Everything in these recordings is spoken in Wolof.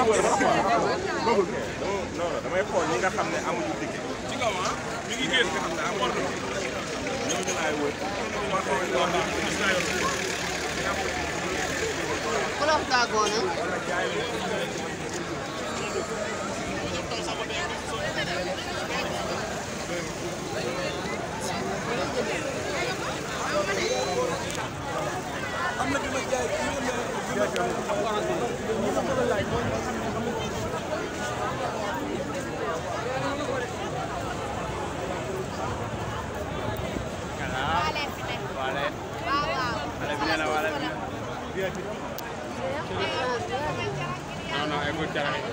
non non damay xool ñi nga xam ne amuñu ticket.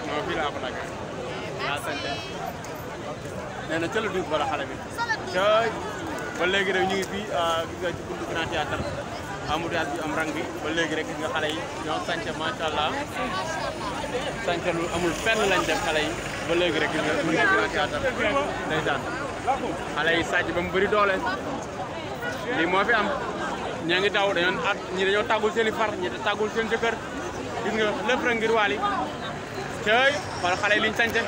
non fii laa ko daggee. waaw sant nee na ca la dugg wala xale bi. te ba léegi rek ñu ngi fii ah, gis nga ci buntu Grand Théâtre amul daal bi am rang bi ba léegi rek nga xale yi ñoo sant macha allah sant lu amul fenn lañ def xale yi ba léegi rek gis nga buntu Grand xale yi sàcc ba mu bëri doole lii moo fi am. ñaa ngi daw dañoon at ñi dañoo tàggul seen i far ñi tàggul seen jëkkër gis nga lépp rek ngir waali tey wala xale yi liñ sañse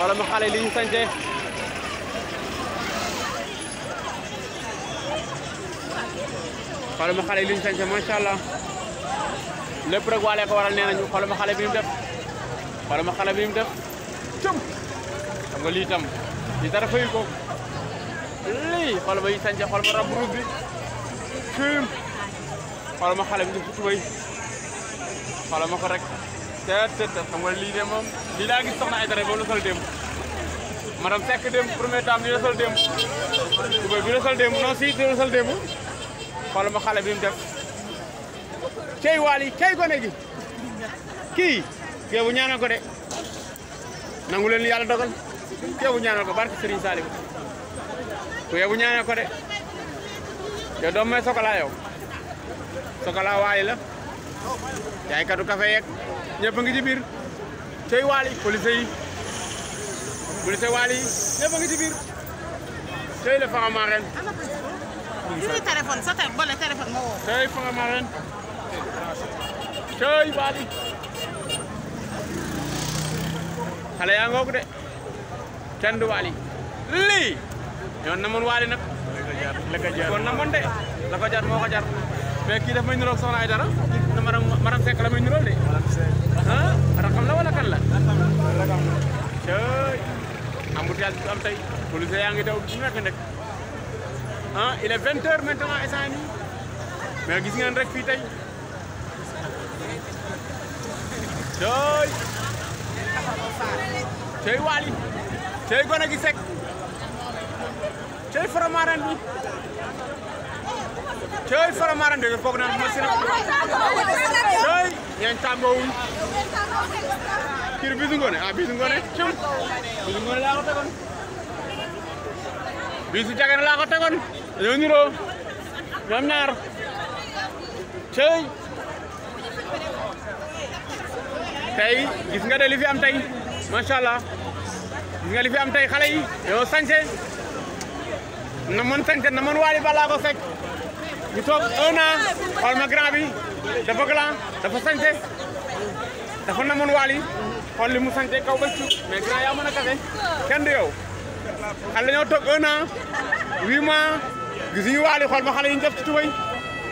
wala ma xale yi liñ sañse xoolal ma xale yi liñ sañse macha allah lépp rek waale ko waral nee nañu xoolal ma xale bi mu def xoolal ma xale bi mu def cëm xam nga lii tam lii dara fayu ko lii xoolal ma yi sañse xoolal ma rab ruus bi cëm xoolal ma xale bi def ci tubay xoolal ma ko rek te te te xam nga lii de moom i laa gis soxna Aïdara boobu la sol démb madame Seck démb premier temps bi la sol démb suba bi la sol démb non si la sol démb xoolal ma xale bi mu def cey waal cey gone gi kii keebu ñaanal ko de nangu leen yàlla dogal keebu ñaanal ko barke Serigne Salim keebu ñaanal ko de yow doom may sokola yow sokola waay la jaay katu kafe ñëpp a ngi ci biir cey waali police yi police waali yi ñëpp a ngi ci biir cey la Fara Mareen. lii cey waali xale yaa ngoog de kenn waali lii yoon na mën waali nag. la ko jaar kon na mën de la ko jaar moo ko jaar mais kii daf may niroog soxna ay dara maram maram sekk la may nirool de. a rakam la wala kan la. rakam la. tey embouteillage bi am tey. yaa ngi daw du nekk nekk ah il est vingt heures maintenant instant yii mais rek fii tey tey tey Waly tey gone gi Seck tey Faramaren bi tey Faramaren bi foog naa ma si na tey. ñeen tàngoowuñ kii bisu ngoone ah bisu ngoone cum bisu ngoone laa tegoon bisu jagana laa tegoon ñoo niroo ñoom ñaar cey tey gis nga de li fi am tey macha allah gis nga li fi am tey xale yi yow sañse na mën waali balaa ko fekk ñu toog un an ma grand dafa galant dafa sañse dafa namoon waal yi xool li mu sañse kaw ba suuf mais grand yaa mën a kase kenn du yow xale dañoo toog un an huit mois gisuñu waal yi xool ma xale yi ñu def ci tubay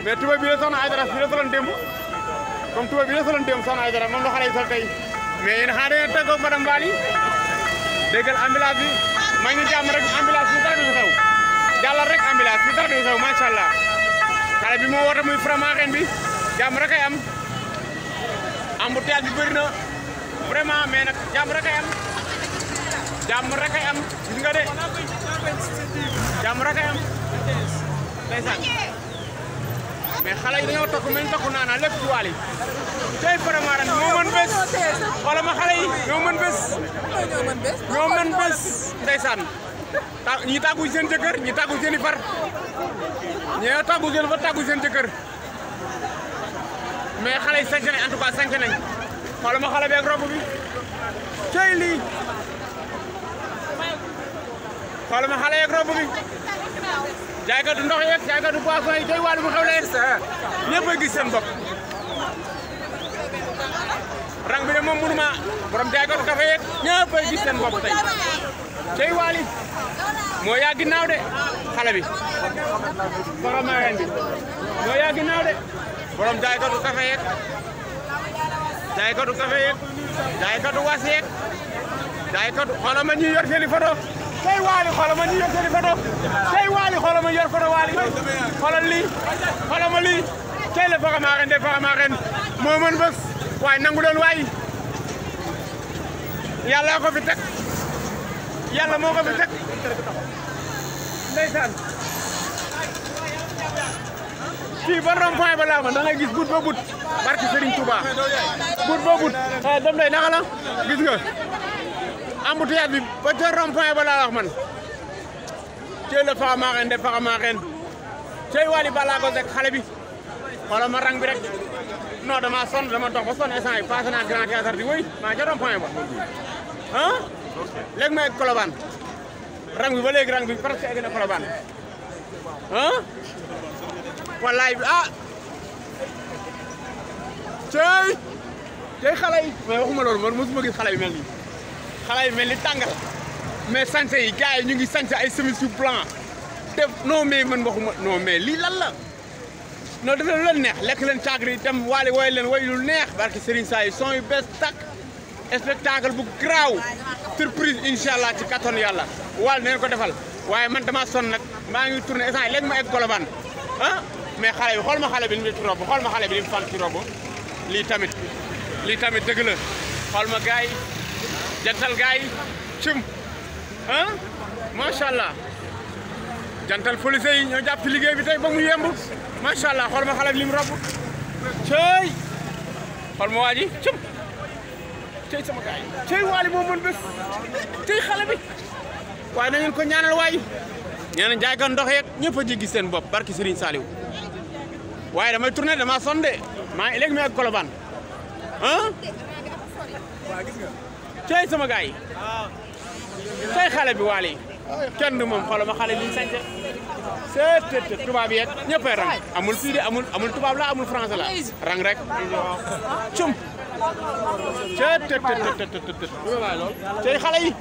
mais tubay bi la soxna Aïdara bi la soloon démb comme tubay bi la soloon démb soxna Aïdara moom la xale yi sol tey mais yéen xanaa dañoo tàggoog madame waal yi bi maa ngi jàmm rek ambulance bi dara du xew jàllal rek ambulance bi dara du xew allah xale bi moo woote muy Fra Marème bi jàmm rek ay am embouteillage bi bëri na vraiment mais nag jàmm rek ay am am gis nga de jàmm rek ay am ndeysaan mais xale yi dañoo tokk mën tokk naana lépp ci waal yi tey vraiment ñoo mën bés wala ma xale yi ñoo mën bés ñoo mën bés ndeysaan ta ñi tàggu seen jëkkër ñi tàggu seen i far ñi tàggu seen fa tàggu seen jëkkër mais xale yi sànq nañ en tout cas sànq nañ xoolal ma xale beeg rob bi cay lii xoolal ma xale yeeg rob bi jaaykatu ndox yeeg jaaykatu boisson mu xew leen ñëpp gis seen bopp. rang bi de moom mënu borom jaaykatu café yeeg ñëpp a gis seen bopp tey cay waali moo yaa ginnaaw de xale bi borom moo yaa ginnaaw de. borom jaaykatu kafe yeeg jaaykatu kafe yeeg jaaykatu was yeeg jaaykatu yor seen i photo waali xoolal ma yor seen i photo waali xoolal yor photo waali xoolal lii xoolal lii tey la faxamaa de faxamaa ren bës waaye nangu leen waay yàlla ko fi teg yàlla moo fi teg fii ba rond-point ba laa ma da ngay gis but ba but barke Serigne Touba but ba but xëy dom day naka la gis nga bi ba ca rond-point ba man cey la faxa maa de faxa maa xeen cey Wally Ballago Seck xale bi ma rang bi rek non dama sonn dama dox ba sonn instant yi naa grand théâtre di wéy maa ca rond-point ba ma egg Colobane rang bi ba léegi rang bi presque egg na Colobane wallaay bi ah. tey tey xale yi mais waxuma loolu man mosuma gis xale yu mel nii xale yu mel ni tàngal mais sañse yi gars yi ñu ngi sañse ay semis yu blanc def non mais man ma non mais lii lan la non def leen lu leen neex lekk leen caagri dem waale woy leen woy lu neex barke Serigne Sa yi son yu bees tàkk spectacle bu garaaw surprise incha allah ci kattan yàlla waal neen ko defal waaye man dama son nag maa ngi tourné instant léegi ma egg Colobane ah mais xale bi xool ma xale bi ni mu ci robb xool ma xale bi ni mu fal tamit lii tamit dëgg la xool ma gars yi jantal gars cim ah macha allah jantal police ñoo jàpp ci liggéey bi tey ba mu yemb macha allah xool ma xale bi li mu robb cey ma waa cim cey sama gars yi waali moo mën bés xale bi waaye na ngeen ko ñaanal waay ñeneen jaay gan ndox yeeg ñëpp a jéggi seen bopp barki Serigne Saliou waaye damay tourné dama sonn de maa ngi léegi cey sama gars yi ah. cey xale bi waale yi kenn du moom xoolal ma xale bi ñu sañ se seet tubaab amul fii de cey xale yi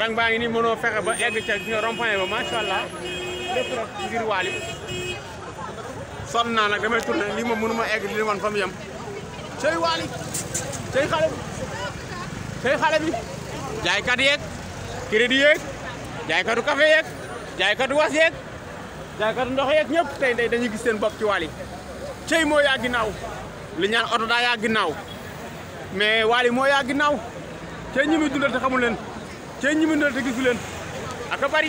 rang baa ngi nii mënoo fexe ba egg ca gis nga rond ba macha allah lépp rek waali sonn naa nag damay tourné lii moom mënu ma egg di wan fa mu yem cey waali cey xale bi cey xale bi jaaykat yeeg crédit yeeg jaaykatu café yeeg jaaykatu was yeeg jaaykatu ndox yeeg ñëpp tey day dañuy gis seen bopp ci waali cey moo yaa ginnaaw li ñaan oto daa yaa ginaaw mais waali moo yaa ginnaaw cey ñi dundal te xamul te ñi mu ne te gisu leen aka bari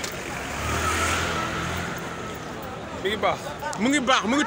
mi ngi baax mu ngi baax mu ngi